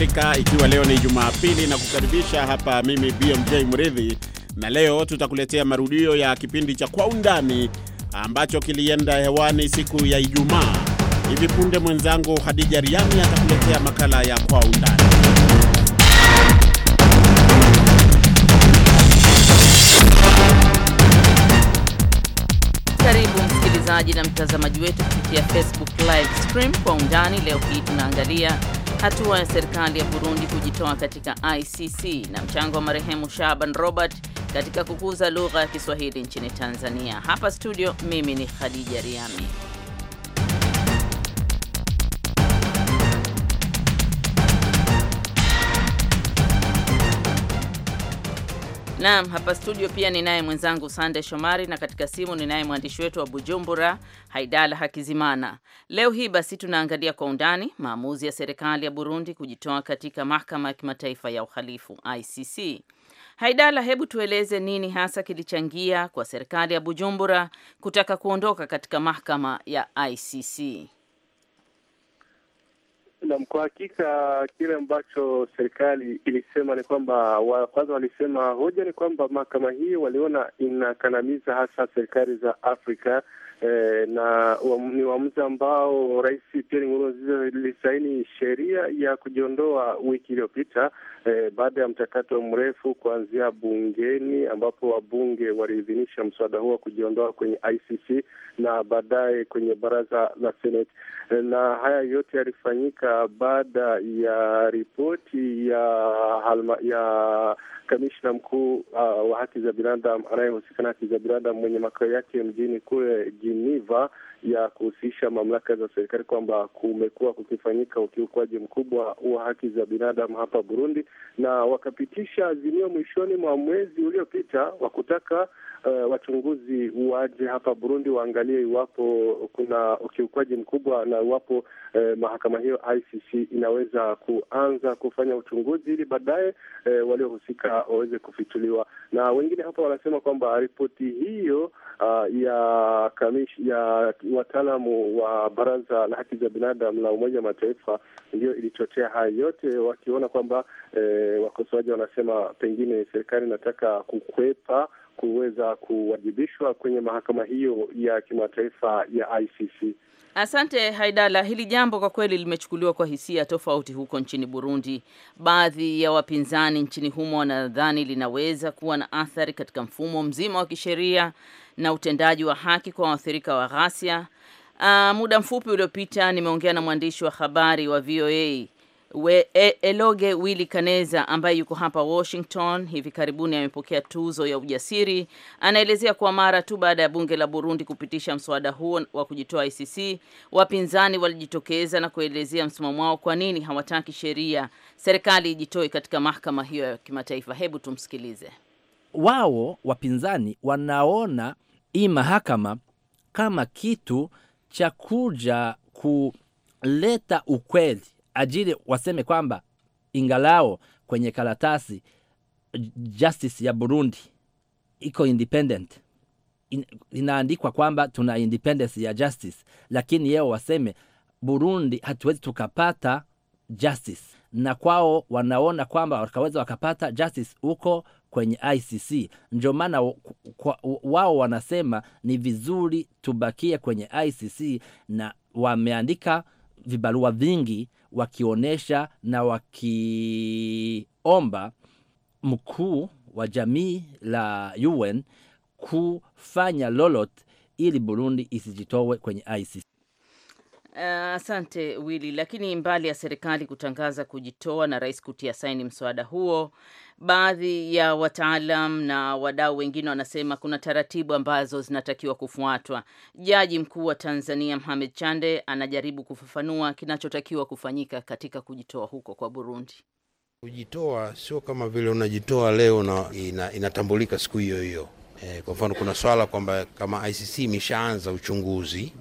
Amerika, ikiwa leo ni Jumapili na kukaribisha hapa, mimi BMJ Mridhi, na leo tutakuletea marudio ya kipindi cha Kwa Undani ambacho kilienda hewani siku ya Ijumaa. Hivi punde mwenzangu Hadija Riami atakuletea makala ya Kwa Undani. Karibu msikilizaji na mtazamaji wetu kupitia Facebook live stream. Kwa Undani leo hii tunaangalia hatua ya serikali ya Burundi kujitoa katika ICC na mchango wa marehemu Shaban Robert katika kukuza lugha ya Kiswahili nchini Tanzania. Hapa studio, mimi ni Khadija Riami. Naam, hapa studio pia ninaye mwenzangu Sande Shomari na katika simu ninaye mwandishi wetu wa Bujumbura Haidala Hakizimana. Leo hii basi tunaangalia kwa undani maamuzi ya serikali ya Burundi kujitoa katika mahakama ya kimataifa ya uhalifu ICC. Haidala, hebu tueleze nini hasa kilichangia kwa serikali ya Bujumbura kutaka kuondoka katika mahakama ya ICC? Naam, kwa hakika kile ambacho serikali ilisema ni kwamba kwanza, walisema hoja ni kwamba mahakama hii waliona inakandamiza hasa serikali za Afrika eh, na um, ni uamuzi ambao Rais Pierre Nkurunziza alisaini sheria ya kujiondoa wiki iliyopita eh, baada ya mchakato mrefu kuanzia bungeni ambapo wabunge waliidhinisha mswada huo wa kujiondoa kwenye ICC na baadaye kwenye baraza la Seneti, eh, na haya yote yalifanyika baada ya ripoti ya halma, ya kamishna mkuu uh, wa haki za binadamu anayehusika na haki za binadamu mwenye makao yake mjini kule Geneva ya kuhusisha mamlaka za serikali kwamba kumekuwa kukifanyika ukiukwaji mkubwa wa haki za binadamu hapa Burundi, na wakapitisha azimio mwishoni mwa mwezi uliopita wa kutaka uh, wachunguzi waje hapa Burundi waangalie iwapo kuna ukiukwaji mkubwa na iwapo uh, mahakama hiyo ICC inaweza kuanza kufanya uchunguzi ili baadaye uh, waliohusika waweze kufituliwa Na wengine hapa wanasema kwamba ripoti hiyo uh, ya kamish, ya wataalamu wa Baraza la Haki za Binadamu la Umoja wa Mataifa ndio ilichochea haya yote, wakiona kwamba e, wakosoaji wanasema pengine serikali inataka kukwepa kuweza kuwajibishwa kwenye mahakama hiyo ya kimataifa ya ICC. Asante Haidala, hili jambo kwa kweli limechukuliwa kwa hisia tofauti huko nchini Burundi. Baadhi ya wapinzani nchini humo wanadhani linaweza kuwa na athari katika mfumo mzima wa kisheria na utendaji wa haki kwa waathirika wa ghasia. Uh, muda mfupi uliopita nimeongea na mwandishi wa habari wa VOA We, e, Eloge Willy Kaneza ambaye yuko hapa Washington hivi karibuni amepokea tuzo ya ujasiri. Anaelezea kuwa mara tu baada ya bunge la Burundi kupitisha mswada huo wa kujitoa ICC, wapinzani walijitokeza na kuelezea msimamo wao, kwa nini hawataki sheria serikali ijitoe katika mahakama hiyo ya kimataifa. Hebu tumsikilize. Wao wapinzani wanaona hii mahakama kama kitu cha kuja kuleta ukweli ajili waseme kwamba ingalao kwenye karatasi justice ya Burundi iko independent in, inaandikwa kwamba tuna independence ya justice, lakini yeo waseme Burundi hatuwezi tukapata justice, na kwao wanaona kwamba wakaweza wakapata justice huko kwenye ICC. Ndio maana wao wanasema ni vizuri tubakie kwenye ICC, na wameandika vibarua vingi wakionyesha na wakiomba mkuu wa jamii la UN kufanya lolot ili Burundi isijitowe kwenye ICC. Eh, asante uh, Willy. Lakini mbali ya serikali kutangaza kujitoa na rais kutia saini mswada huo, Baadhi ya wataalam na wadau wengine wanasema kuna taratibu ambazo zinatakiwa kufuatwa. Jaji mkuu wa Tanzania Mohamed Chande anajaribu kufafanua kinachotakiwa kufanyika katika kujitoa huko kwa Burundi. Kujitoa sio kama vile unajitoa leo na ina, inatambulika siku hiyo hiyo. E, kwa mfano kuna swala kwamba kama ICC imeshaanza uchunguzi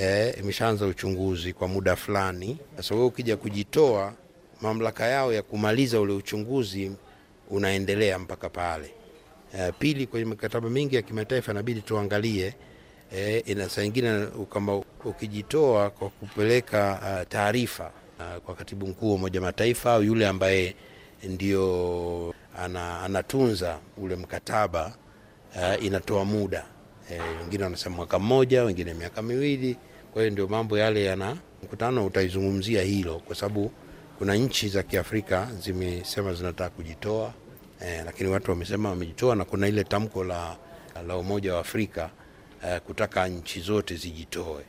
e, imeshaanza uchunguzi kwa muda fulani. Sasa wewe ukija kujitoa, mamlaka yao ya kumaliza ule uchunguzi unaendelea mpaka pale. Uh, pili, kwenye mikataba mingi ya kimataifa inabidi tuangalie E, ina saa ingine kama ukijitoa kwa kupeleka uh, taarifa uh, kwa katibu mkuu wa Umoja Mataifa au yule ambaye ndio ana, anatunza ule mkataba uh, inatoa muda e, wengine wanasema mwaka mmoja, wengine miaka miwili. Kwa hiyo ndio mambo yale yana mkutano utaizungumzia hilo kwa sababu kuna nchi za Kiafrika zimesema zinataka kujitoa eh, lakini watu wamesema wamejitoa, na kuna ile tamko la, la Umoja wa Afrika eh, kutaka nchi zote zijitoe.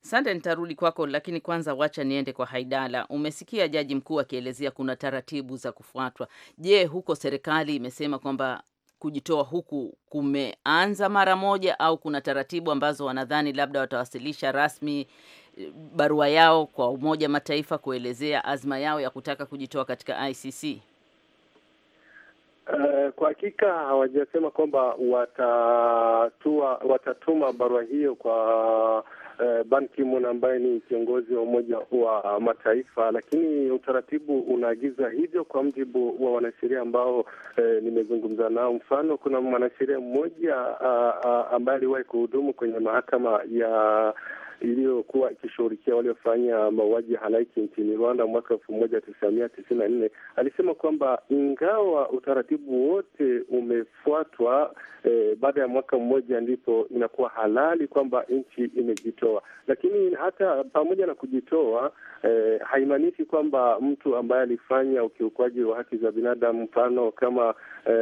sante nitarudi kwako, lakini kwanza wacha niende kwa Haidala. Umesikia jaji mkuu akielezea kuna taratibu za kufuatwa. Je, huko serikali imesema kwamba kujitoa huku kumeanza mara moja, au kuna taratibu ambazo wanadhani labda watawasilisha rasmi barua yao kwa Umoja Mataifa kuelezea azma yao ya kutaka kujitoa katika ICC? Uh, eh, kwa hakika hawajasema kwamba watatua watatuma barua hiyo kwa uh, Ban Ki-moon ambaye ni kiongozi wa Umoja wa Mataifa, lakini utaratibu unaagiza hivyo kwa mjibu wa wanasheria ambao uh, nimezungumza nao. Mfano, kuna mwanasheria mmoja uh, uh, ambaye aliwahi kuhudumu kwenye mahakama ya iliyokuwa ikishughulikia waliofanya mauaji ya halaiki nchini Rwanda mwaka elfu moja tisa mia tisini na nne alisema kwamba ingawa utaratibu wote umefuatwa, e, baada ya mwaka mmoja ndipo inakuwa halali kwamba nchi imejitoa. Lakini hata pamoja na kujitoa, e, haimaanishi kwamba mtu ambaye alifanya ukiukwaji wa haki za binadamu, mfano kama e,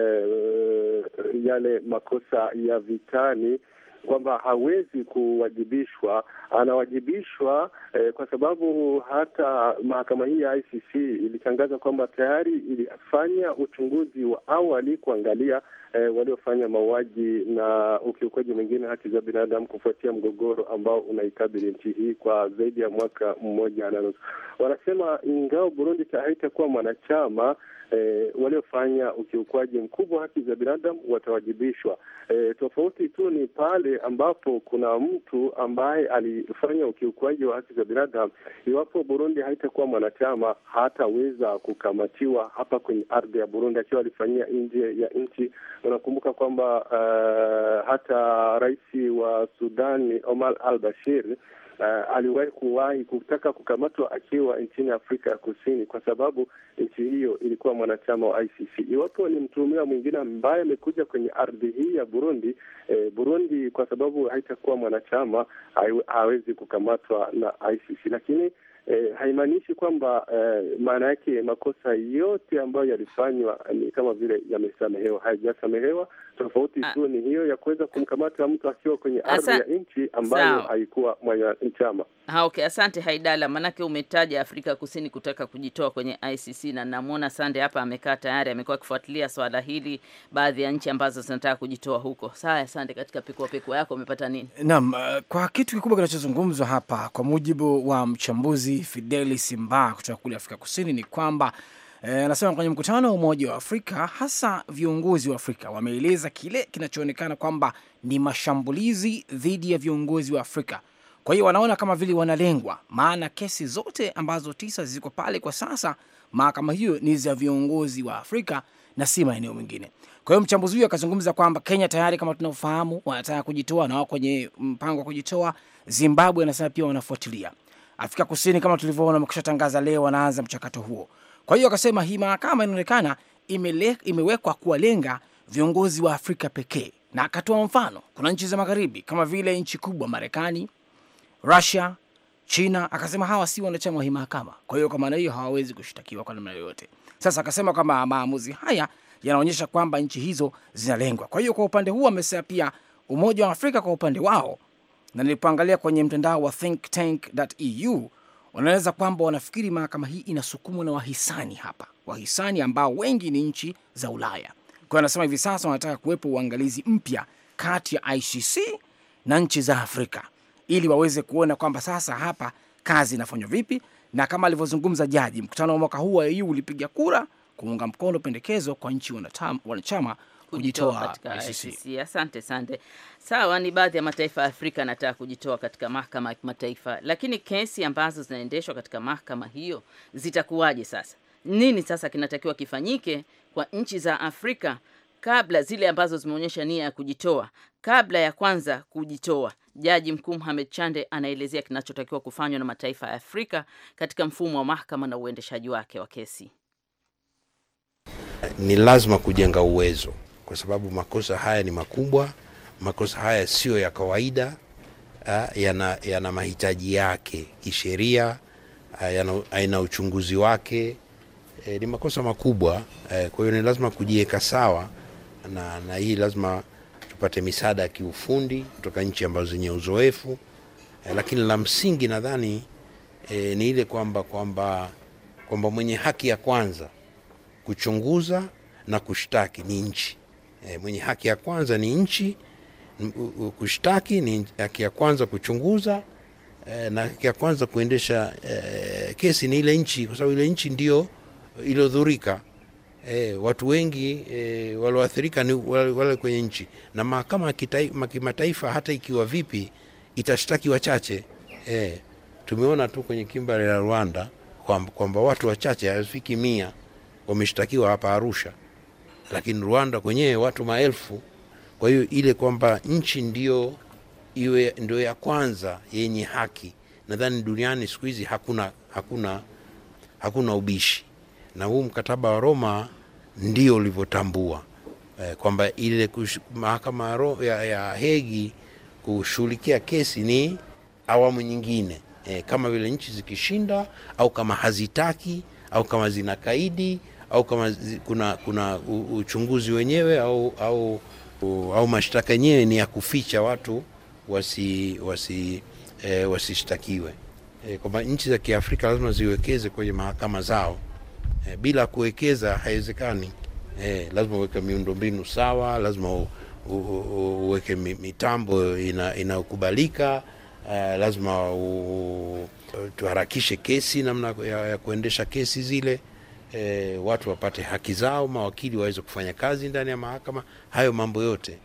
yale makosa ya vitani kwamba hawezi kuwajibishwa, anawajibishwa eh, kwa sababu hata mahakama hii ya ICC ilitangaza kwamba tayari ilifanya uchunguzi wa awali kuangalia E, waliofanya mauaji na ukiukaji mwingine haki za binadamu kufuatia mgogoro ambao unaikabili nchi hii kwa zaidi ya mwaka mmoja na nusu. Wanasema ingawa Burundi haitakuwa mwanachama e, waliofanya ukiukwaji mkubwa wa haki za binadamu watawajibishwa. E, tofauti tu ni pale ambapo kuna mtu ambaye alifanya ukiukwaji wa haki za binadamu. Iwapo Burundi haitakuwa mwanachama, hataweza kukamatiwa hapa kwenye ardhi ya Burundi akiwa alifanyia nje ya nchi. Unakumbuka kwamba uh, hata rais wa Sudani Omar al-Bashir uh, aliwahi kuwahi kutaka kukamatwa akiwa nchini Afrika ya Kusini kwa sababu nchi hiyo ilikuwa mwanachama wa ICC. Iwapo ni mtuhumiwa mwingine ambaye amekuja kwenye ardhi hii ya Burundi, eh, Burundi kwa sababu haitakuwa mwanachama hawezi kukamatwa na ICC, lakini Eh, haimaanishi kwamba eh, maana yake makosa yote ambayo yalifanywa ni kama vile yamesamehewa. Hayajasamehewa, tofauti ah. tu ni hiyo ya kuweza kumkamata mtu akiwa kwenye ardhi ya nchi ambayo haikuwa mwanachama. Ha, okay, asante Haidala, manake umetaja Afrika Kusini kutaka kujitoa kwenye ICC na namwona Sande hapa amekaa tayari, amekuwa akifuatilia swala hili, baadhi ya nchi ambazo zinataka kujitoa huko. Sawa, Sande, katika pikua pikua yako umepata nini? Naam, eh, kwa kitu kikubwa kinachozungumzwa hapa, kwa mujibu wa mchambuzi Fideli Simba kutoka kule Afrika Kusini ni kwamba Eh, anasema e, kwenye mkutano wa Umoja wa Afrika hasa viongozi wa Afrika wameeleza kile kinachoonekana kwamba ni mashambulizi dhidi ya viongozi wa Afrika. Kwa hiyo wanaona kama vile wanalengwa, maana kesi zote ambazo tisa ziko pale kwa sasa mahakama hiyo ni za viongozi wa Afrika na si maeneo mengine. Kwa hiyo mchambuzi huyo akazungumza kwamba Kenya tayari kama tunavyofahamu wanataka kujitoa na wao kwenye mpango wa kujitoa. Zimbabwe anasema pia wanafuatilia. Afrika Kusini kama tulivyoona wamekusha tangaza leo wanaanza mchakato huo. Kwa hiyo akasema hii mahakama inaonekana imewekwa kuwalenga viongozi wa Afrika pekee, na akatoa mfano, kuna nchi za magharibi kama vile nchi kubwa Marekani, Rusia, China. Akasema hawa si wanachama wa hii mahakama, kwa hiyo kwa maana hiyo hawawezi kushtakiwa kwa namna yoyote. Sasa akasema kwamba maamuzi haya yanaonyesha kwamba nchi hizo zinalengwa. Kwa hiyo kwa upande huu amesema pia Umoja wa Afrika kwa upande wao, na nilipoangalia kwenye mtandao wa thinktank.eu Wanaeleza kwamba wanafikiri mahakama hii inasukumwa na wahisani hapa, wahisani ambao wengi ni nchi za Ulaya. Kwa hiyo wanasema hivi sasa wanataka kuwepo uangalizi mpya kati ya ICC na nchi za Afrika ili waweze kuona kwamba sasa hapa kazi inafanywa vipi, na kama alivyozungumza jaji, mkutano wa mwaka huu wa EU ulipiga kura kuunga mkono pendekezo kwa nchi wanachama kujitoa katika ICC. ICC. Asante sande. Sawa, ni baadhi ya mataifa ya Afrika yanataka kujitoa katika mahakama ya kimataifa, lakini kesi ambazo zinaendeshwa katika mahakama hiyo zitakuwaje sasa? Nini sasa kinatakiwa kifanyike kwa nchi za Afrika kabla zile ambazo zimeonyesha nia ya kujitoa, kabla ya kwanza kujitoa. Jaji mkuu Mohamed Chande anaelezea kinachotakiwa kufanywa na mataifa ya Afrika katika mfumo wa mahakama na uendeshaji wake wa kesi. Ni lazima kujenga uwezo kwa sababu makosa haya ni makubwa, makosa haya siyo ya kawaida, ah, yana, yana mahitaji yake kisheria, ah, yana uchunguzi wake. E, ni makosa makubwa e, kwa hiyo ni lazima kujiweka sawa na, na hii lazima tupate misaada ya kiufundi kutoka nchi ambazo zenye uzoefu e, lakini la msingi nadhani e, ni ile kwamba kwamba kwamba mwenye haki ya kwanza kuchunguza na kushtaki ni nchi. E, mwenye haki ya kwanza ni nchi kushtaki, ni haki ya kwanza kuchunguza e, na haki ya kwanza kuendesha e, kesi ni ile nchi, kwa sababu ile nchi ndio iliyodhurika. E, watu wengi e, walioathirika ni wale kwenye nchi, na mahakama ya kimataifa hata ikiwa vipi itashtaki wachache. E, tumeona tu kwenye kimbari la Rwanda kwamba kwa watu wachache hawafiki mia wameshtakiwa hapa Arusha lakini Rwanda kwenyewe watu maelfu. Kwa hiyo ile kwamba nchi ndio iwe ndio ya kwanza yenye haki, nadhani duniani siku hizi hakuna, hakuna, hakuna ubishi, na huu mkataba wa Roma ndio ulivyotambua eh, kwamba ile mahakama ya, ya Hegi kushughulikia kesi ni awamu nyingine eh, kama vile nchi zikishinda au kama hazitaki au kama zinakaidi au kama kuna, kuna uchunguzi wenyewe au, au, au mashtaka yenyewe ni ya kuficha watu wasishtakiwe wasi, e, wasishtakiwe eh, kwamba nchi za Kiafrika lazima ziwekeze kwenye mahakama zao e, bila kuwekeza haiwezekani. e, lazima uweke miundombinu sawa, lazima uweke mitambo inayokubalika ina e, lazima u, tuharakishe kesi namna ya, ya kuendesha kesi zile e, watu wapate haki zao, mawakili waweze kufanya kazi ndani ya mahakama, hayo mambo yote.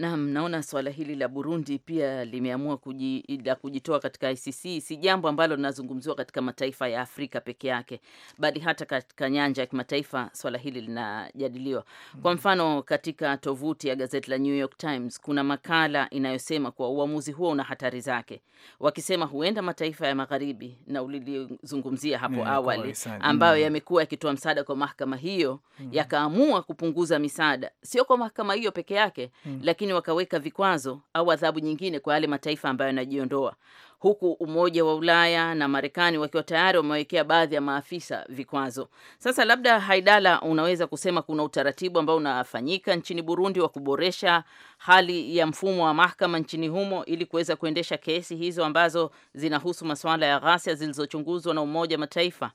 Naam, naona swala hili la Burundi pia limeamua kuji, la kujitoa katika ICC si jambo ambalo linazungumziwa katika mataifa ya Afrika peke yake, bali hata katika nyanja ya kimataifa swala hili linajadiliwa. Kwa mm-hmm. mfano, katika tovuti ya gazeti la New York Times kuna makala inayosema kuwa uamuzi huo una hatari zake, wakisema huenda mataifa ya magharibi, na ulilizungumzia hapo awali, ambayo mm-hmm. yamekuwa yakitoa msaada kwa mahakama hiyo, mm-hmm. yakaamua kupunguza misaada, sio kwa mahakama hiyo peke yake, lakini lakini wakaweka vikwazo au adhabu nyingine kwa yale mataifa ambayo yanajiondoa, huku Umoja wa Ulaya na Marekani wakiwa tayari wamewekea baadhi ya maafisa vikwazo. Sasa labda, Haidala, unaweza kusema kuna utaratibu ambao unafanyika nchini Burundi wa kuboresha hali ya mfumo wa mahakama nchini humo ili kuweza kuendesha kesi hizo ambazo zinahusu masuala ya ghasia zilizochunguzwa na Umoja wa Mataifa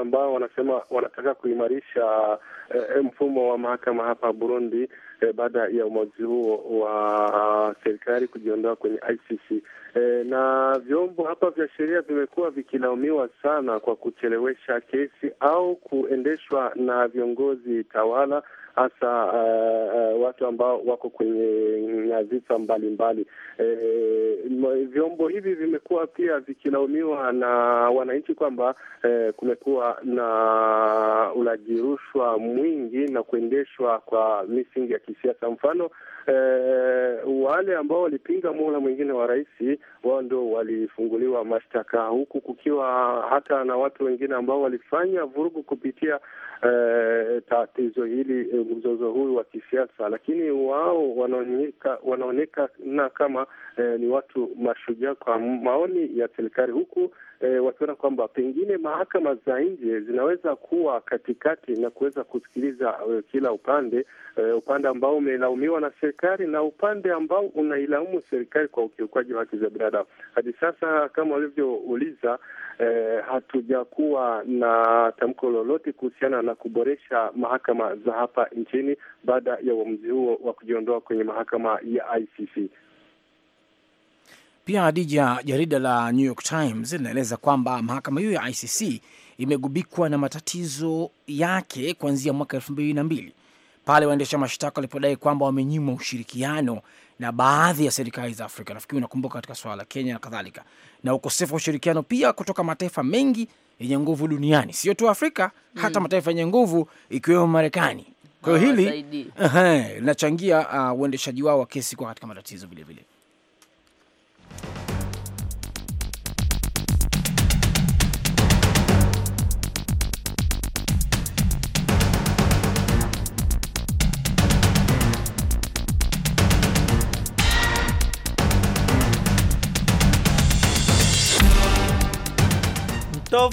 ambao wanasema wanataka kuimarisha eh, mfumo wa mahakama hapa Burundi eh, baada ya uamuzi huo wa serikali kujiondoa kwenye ICC. Eh, na vyombo hapa vya sheria vimekuwa vikilaumiwa sana kwa kuchelewesha kesi au kuendeshwa na viongozi tawala hasa uh, uh, watu ambao wako kwenye nyadhifa mbalimbali. E, vyombo hivi vimekuwa pia vikilaumiwa na wananchi kwamba e, kumekuwa na ulaji rushwa mwingi na kuendeshwa kwa misingi ya kisiasa. Mfano eh, wale ambao walipinga muhula mwingine wa rais wao ndio walifunguliwa mashtaka, huku kukiwa hata na watu wengine ambao walifanya vurugu kupitia eh, tatizo hili, eh, mzozo huu wa kisiasa, lakini wao wanaonekana kama eh, ni watu mashujaa kwa maoni ya serikali, huku E, wakiona kwamba pengine mahakama za nje zinaweza kuwa katikati na kuweza kusikiliza eh, kila upande eh, upande ambao umelaumiwa na serikali serikali na upande ambao unailaumu serikali kwa ukiukaji wa haki za binadamu. Hadi sasa kama walivyouliza, eh, hatujakuwa na tamko lolote kuhusiana na kuboresha mahakama za hapa nchini baada ya uamuzi huo wa kujiondoa kwenye mahakama ya ICC. Pia Adija, jarida la New York Times linaeleza kwamba mahakama hiyo ya ICC imegubikwa na matatizo yake kuanzia mwaka elfu mbili na mbili pale waendesha mashtaka walipodai kwamba wamenyimwa ushirikiano na baadhi ya serikali za Afrika. Nafikiri unakumbuka katika swala la Kenya na kadhalika, na ukosefu wa ushirikiano pia kutoka mataifa mengi yenye nguvu duniani, sio tu Afrika mm, hata mataifa yenye nguvu ikiwemo Marekani. Kwa hiyo hili linachangia uh, uendeshaji wao wa kesi kuwa katika matatizo vilevile.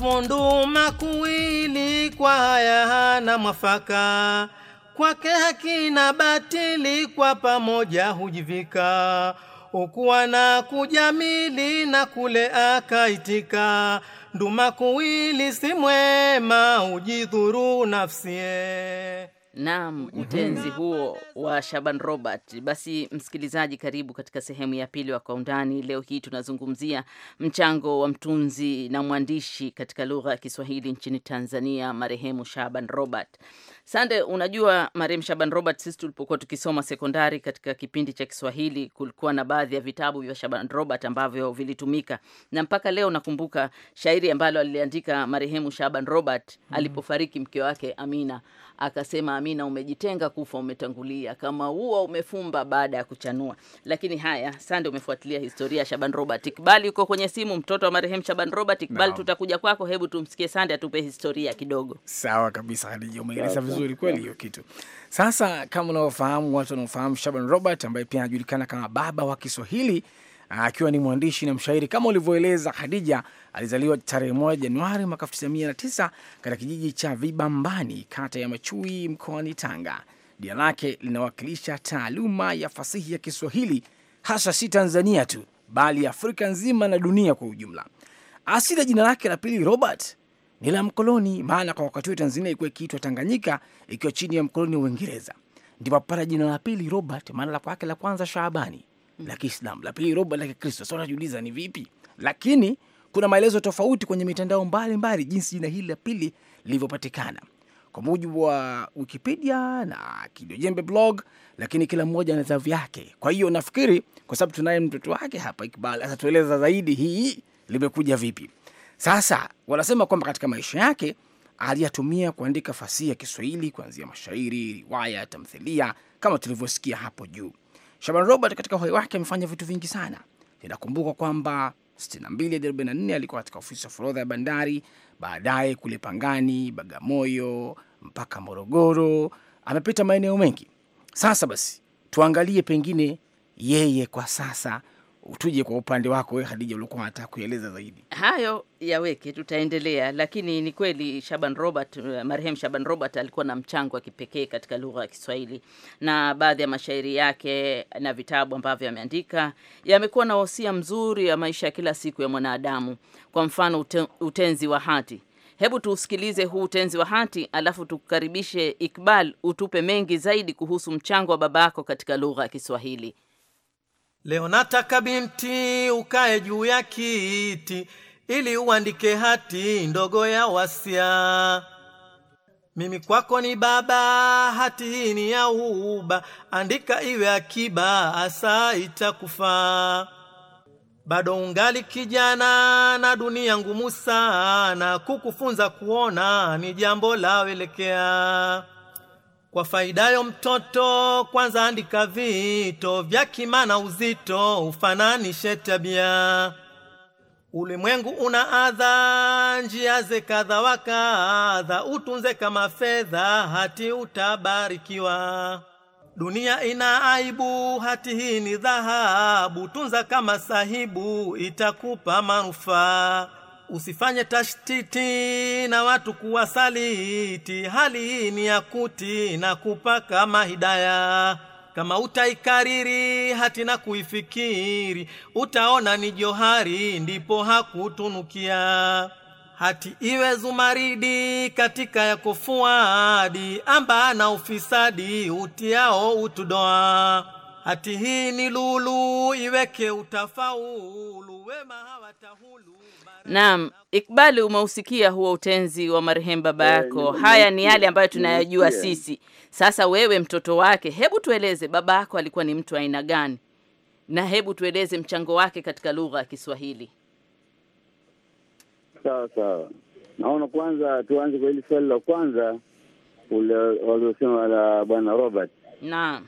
Hovunduma kuwili kwa haya na mwafaka, kwake haki na batili kwa pamoja hujivika, ukuwa na kujamili na kule akaitika, nduma kuwili si mwema, ujidhuru nafsie Naam, mhm. utenzi huo wa Shaban Robert. Basi msikilizaji, karibu katika sehemu ya pili wa Kwa Undani. Leo hii tunazungumzia mchango wa mtunzi na mwandishi katika lugha ya Kiswahili nchini Tanzania, marehemu Shaban Robert. Sande, unajua Mariam Shaban Robert, sisi tulipokuwa tukisoma sekondari katika kipindi cha Kiswahili kulikuwa na baadhi ya vitabu vya Shaban Robert ambavyo vilitumika, na mpaka leo nakumbuka shairi ambalo aliandika marehemu Shaban Robert mm -hmm. alipofariki mke wake Amina, akasema: Amina, umejitenga, kufa umetangulia, kama ua umefumba baada ya kuchanua. Lakini haya, Sande, umefuatilia historia ya Shaban Robert. Ikbali uko kwenye simu, mtoto wa marehemu Shaban Robert. Ikbali, no. tutakuja kwako, hebu tumsikie Sande atupe historia kidogo. Sawa kabisa, umeeleza vizuri vizuri kweli hiyo kitu. Sasa kama unavyofahamu, watu wanaofahamu Shaban Robert ambaye pia anajulikana kama baba wa Kiswahili akiwa ni mwandishi na mshairi kama ulivyoeleza Khadija, alizaliwa tarehe moja Januari mwaka 1909 katika kijiji cha Vibambani, kata ya Machui, mkoani Tanga. Jina lake linawakilisha taaluma ya fasihi ya Kiswahili, hasa si Tanzania tu bali Afrika nzima na dunia kwa ujumla. Asili ya jina lake la pili Robert ni la mkoloni, maana kwa wakati huo Tanzania ilikuwa ikiitwa Tanganyika ikiwa chini ya mkoloni wa Uingereza, ndipo apata jina la pili Robert, maana la kwake la kwanza Shaabani mm. la Kiislamu, la pili Robert la Kikristo. Sasa unajiuliza ni vipi? Lakini kuna maelezo tofauti kwenye mitandao mbalimbali mbali, jinsi jina hili la pili lilivyopatikana kwa mujibu wa Wikipedia na Kidojembe blog, lakini kila mmoja ana zavu yake. Kwa hiyo nafikiri kwa sababu tunaye mtoto wake hapa Ikbal atatueleza zaidi hii limekuja vipi. Sasa wanasema kwamba katika maisha yake aliyatumia kuandika fasihi ya Kiswahili kuanzia mashairi, riwaya, tamthilia kama tulivyosikia hapo juu. Shaban Robert katika uhai wake amefanya vitu vingi sana. Inakumbukwa kwamba 62 hadi 44 alikuwa katika ofisi ya forodha ya bandari, baadaye kule Pangani, Bagamoyo mpaka Morogoro, amepita maeneo mengi. Sasa basi tuangalie pengine yeye kwa sasa tuje kwa upande wako wewe Khadija, ulikuwa unataka kueleza zaidi. Hayo yaweke, tutaendelea, lakini ni kweli Shaban Robert, eh, marehemu Shaban Robert alikuwa na mchango wa kipekee katika lugha ya Kiswahili na baadhi ya mashairi yake na vitabu ambavyo ameandika yamekuwa na wosia mzuri ya maisha ya kila siku ya mwanadamu. Kwa mfano, utenzi wa hati. Hebu tuusikilize huu utenzi wa hati, alafu tukukaribishe Ikbal, utupe mengi zaidi kuhusu mchango wa baba yako katika lugha ya Kiswahili. Leo nataka binti ukae juu ya kiti, ili uandike hati ndogo ya wasia. Mimi kwako ni baba, hati hii ni ya uba, andika iwe akiba, asa itakufaa. Bado ungali kijana na dunia ngumu sana, kukufunza kuona ni jambo la welekea. Kwa faidayo mtoto kwanza andika vito vya kimana na uzito, ufananishe tabia. Ulimwengu una adha, njia ze kadha wa kadha, utunze kama fedha, hati utabarikiwa. Dunia ina aibu, hati hii ni dhahabu, tunza kama sahibu, itakupa manufaa usifanye tashtiti na watu kuwasaliti, hali ni yakuti na kupaka mahidaya kama utaikariri hati na kuifikiri, utaona ni johari, ndipo hakutunukia. Hati iwe zumaridi katika ya kufuadi, amba na ufisadi utiao utudoa. Hati hii ni lulu, iweke utafaulu Naam, Ikbali, umeusikia huo utenzi wa marehemu baba eh, yako. Haya ni yale ambayo tunayajua sisi. Sasa wewe mtoto wake, hebu tueleze baba yako alikuwa ni mtu aina gani, na hebu tueleze mchango wake katika lugha ya Kiswahili. Sawa sawa, naona kwanza tuanze kwa hili swali la kwanza waliosema la bwana Robert. Naam.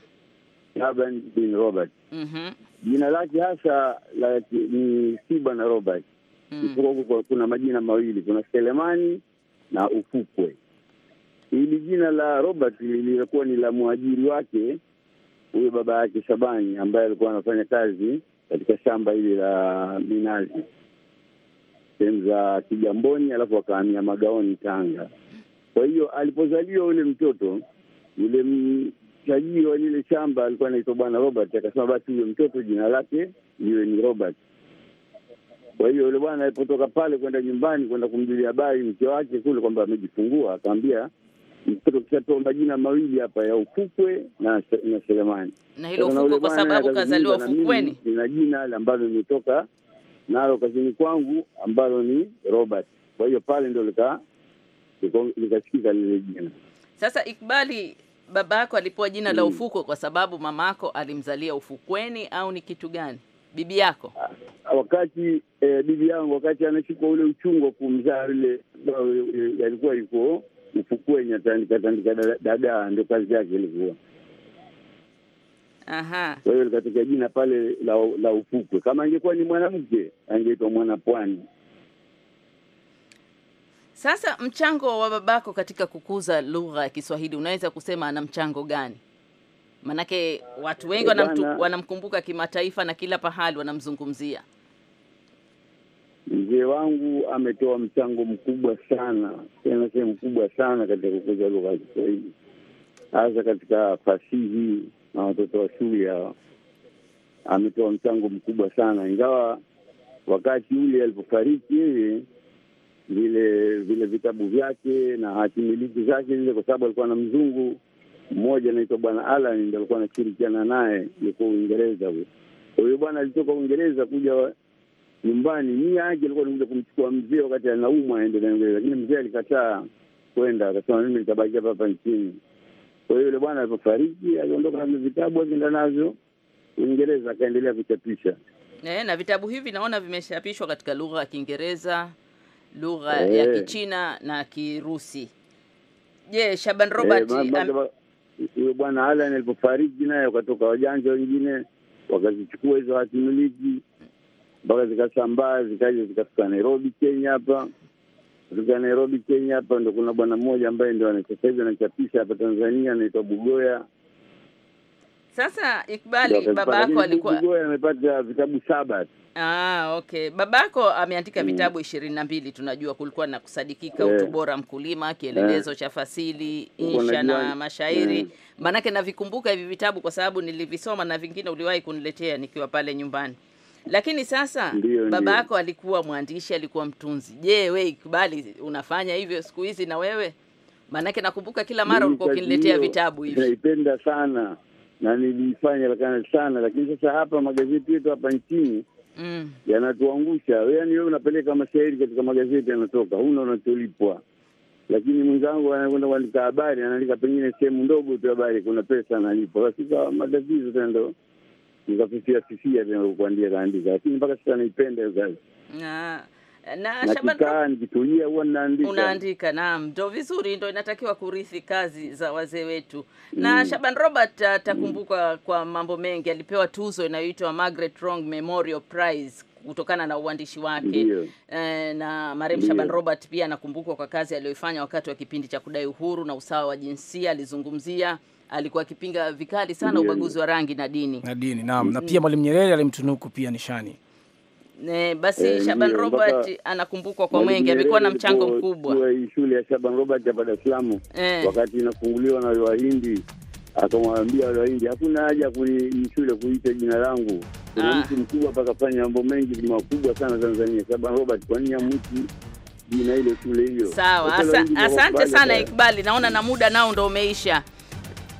Laban bin Robert. mm-hmm. Jina lake hasa la, ni si bwana Robert. mm. kwa, kuna majina mawili, kuna Selemani na Ufukwe. Hili jina la Robert lilikuwa ni la mwajiri wake huyo baba yake Shabani, ambaye alikuwa anafanya kazi katika shamba hili la minazi sehemu za Kigamboni, alafu akahamia Magaoni, Tanga. Kwa hiyo alipozaliwa yule mtoto yule tajiri wa lile shamba alikuwa anaitwa Bwana Robert, akasema basi huyo mtoto jina lake liwe ni Robert. Kwa hiyo yule bwana alipotoka pale kwenda nyumbani kwenda kumjulia habari mke wake kule kwamba amejifungua, akaambia mtoto kishatoa majina mawili hapa ya Ufukwe na na Selemani, na hilo Ufukwe kwa sababu kazaliwa ufukweni. lina jina ambalo nimetoka nalo kazini kwangu ambalo ni Robert. Kwa hiyo pale ndo likasikika lile jina. Sasa Ikbali babako alipewa jina mm. la ufukwe kwa sababu mamako alimzalia ufukweni au ni kitu gani? bibi yako ah, wakati e, bibi yangu wakati anashikwa ule uchungu wa kumzaa yule, eh, eh, alikuwa yuko ufukweni, atandika tandika dagaa, ndio kazi yake ilikuwa. Aha, kwa hiyo likatokea jina pale la, la ufukwe. Kama angekuwa ni mwanamke angeitwa mwanapwani. Sasa mchango wa babako katika kukuza lugha ya Kiswahili unaweza kusema ana mchango gani? Manake watu wengi eh, wanamkumbuka kimataifa na kila pahali wanamzungumzia. Mzee wangu ametoa mchango mkubwa sana, tena sehemu kubwa sana katika kukuza lugha ya Kiswahili, hasa katika fasihi na watoto wa shule hawa. Ametoa mchango mkubwa sana, ingawa wakati ule alipofariki yeye vile vile vitabu vyake na hakimiliki zake zile, kwa sababu alikuwa na mzungu mmoja anaitwa Bwana Alan, ndiye alikuwa anashirikiana naye, yuko Uingereza huyo. Kwa hiyo bwana alitoka Uingereza kuja nyumbani, nia yake alikuwa nikuja kumchukua mzee wakati anaumwa aende na Uingereza, lakini mzee alikataa kwenda, akasema mimi nitabaki hapa hapa nchini. Kwa hiyo yule bwana alipofariki aliondoka na vitabu akienda navyo Uingereza, akaendelea kuchapisha eh, na vitabu hivi naona vimechapishwa katika lugha ya Kiingereza lugha e. ya Kichina na Kirusi. Je, Shaban eh, Robert huyo bwana Alan alipofariki naye wakatoka wajanja wengine wakazichukua hizo hatimiliki mpaka zikasambaa zikaja zikafika Nairobi, Kenya hapa kufika Nairobi, Kenya hapa ndo kuna bwana mmoja ambaye ndo sasa hivi anachapisha hapa Tanzania anaitwa Bugoya. Sasa Ikbali, baba yako alikuwa Bugoya amepata vitabu saba tu Ah, okay. Babako ameandika mm. vitabu ishirini na mbili tunajua kulikuwa na kusadikika, yeah. Utubora Mkulima, kielelezo yeah. cha fasili, insha na mashairi yeah. Mm. Maanake navikumbuka hivi vitabu kwa sababu nilivisoma na vingine uliwahi kuniletea nikiwa pale nyumbani. Lakini sasa ndiyo, baba yako alikuwa mwandishi, alikuwa mtunzi. Je, we ikubali unafanya hivyo siku hizi na wewe? Maanake nakumbuka kila mara ulikuwa ukiniletea vitabu hivi. Naipenda sana na nilifanya sana, lakini sasa hapa magazeti yetu hapa nchini mm. yanatuangusha. yani wewe unapeleka mashairi katika magazeti yanatoka, huna unacholipwa, lakini mwenzangu anakwenda kuandika habari, anaandika pengine sehemu ndogo tu habari, kuna pesa analipwa. Basi kawa matatizo tena, ndo nikafifia fifia tena kuandika kaandika, lakini mpaka sasa naipenda hiyo kazi. Ah na, na Shaban, kitulia huwa naandika. Unaandika, naam, ndo vizuri, ndo inatakiwa kurithi kazi za wazee wetu na mm. Shaban Robert atakumbukwa uh, kwa mambo mengi. Alipewa tuzo inayoitwa Margaret Wrong Memorial Prize kutokana na uandishi wake e, na marehemu Shaban Robert pia anakumbukwa kwa kazi aliyoifanya wakati wa kipindi cha kudai uhuru na usawa wa jinsia. Alizungumzia, alikuwa akipinga vikali sana ubaguzi wa rangi na dini na dini, naam, na mm. pia Mwalimu Nyerere alimtunuku pia nishani Ne, basi e, Shaban niyo, Robert anakumbukwa kwa mwengi, amekuwa na mchango mkubwa. Shule ya Shaban Robert hapa Dar es Salaam e, wakati inafunguliwa na Wahindi akamwambia wale Wahindi, hakuna haja kuni shule kuita jina langu, kuna ah. mtu mkubwa hapa fanya mambo mengi makubwa sana Tanzania, Shaban Robert, kwa nini hamwiti jina ile shule hiyo? Sawa, asante sana Ikbali, naona na muda nao ndo umeisha.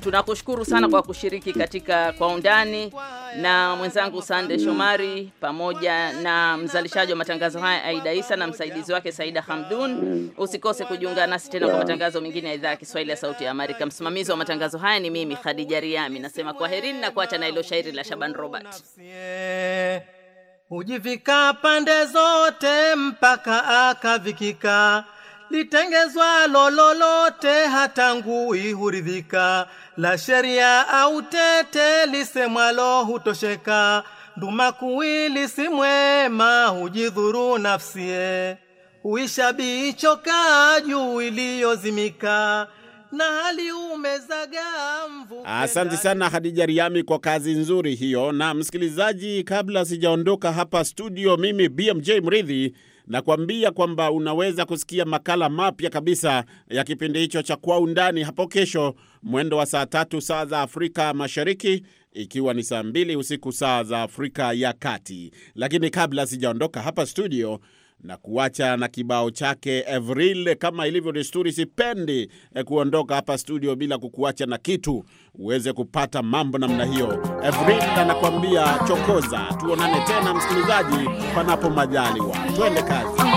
Tunakushukuru sana kwa kushiriki katika kwa undani na mwenzangu Sande Shomari pamoja na mzalishaji wa matangazo haya Aida Isa na msaidizi wake Saida Hamdun. Usikose kujiunga nasi tena kwa matangazo mengine ya idhaa ya Kiswahili ya Sauti ya Amerika. Msimamizi wa matangazo haya ni mimi Khadija Riami, nasema kwaherini na kuacha na ilo shairi la Shaban Robert. Hujivikika pande zote mpaka akavikika litengezwa lololote hata ngui huridhika, la sheria au tete lisemwalo hutosheka, nduma kuwili si hujidhuru nafsie, huisha choka juu iliyozimika na hali umezaga mvu. Asante sana Hadija Riami kwa kazi nzuri hiyo. Na msikilizaji, kabla sijaondoka hapa studio, mimi BMJ Mridhi Nakwambia kwamba unaweza kusikia makala mapya kabisa ya kipindi hicho cha Kwa Undani hapo kesho mwendo wa saa tatu saa za Afrika Mashariki, ikiwa ni saa mbili usiku saa za Afrika ya Kati. Lakini kabla sijaondoka hapa studio na kuacha na kibao chake Avril. Kama ilivyo desturi, sipendi eh, kuondoka hapa studio bila kukuacha na kitu uweze kupata mambo namna hiyo. Avril anakuambia chokoza. Tuonane tena msikilizaji, panapo majaliwa, twende kazi.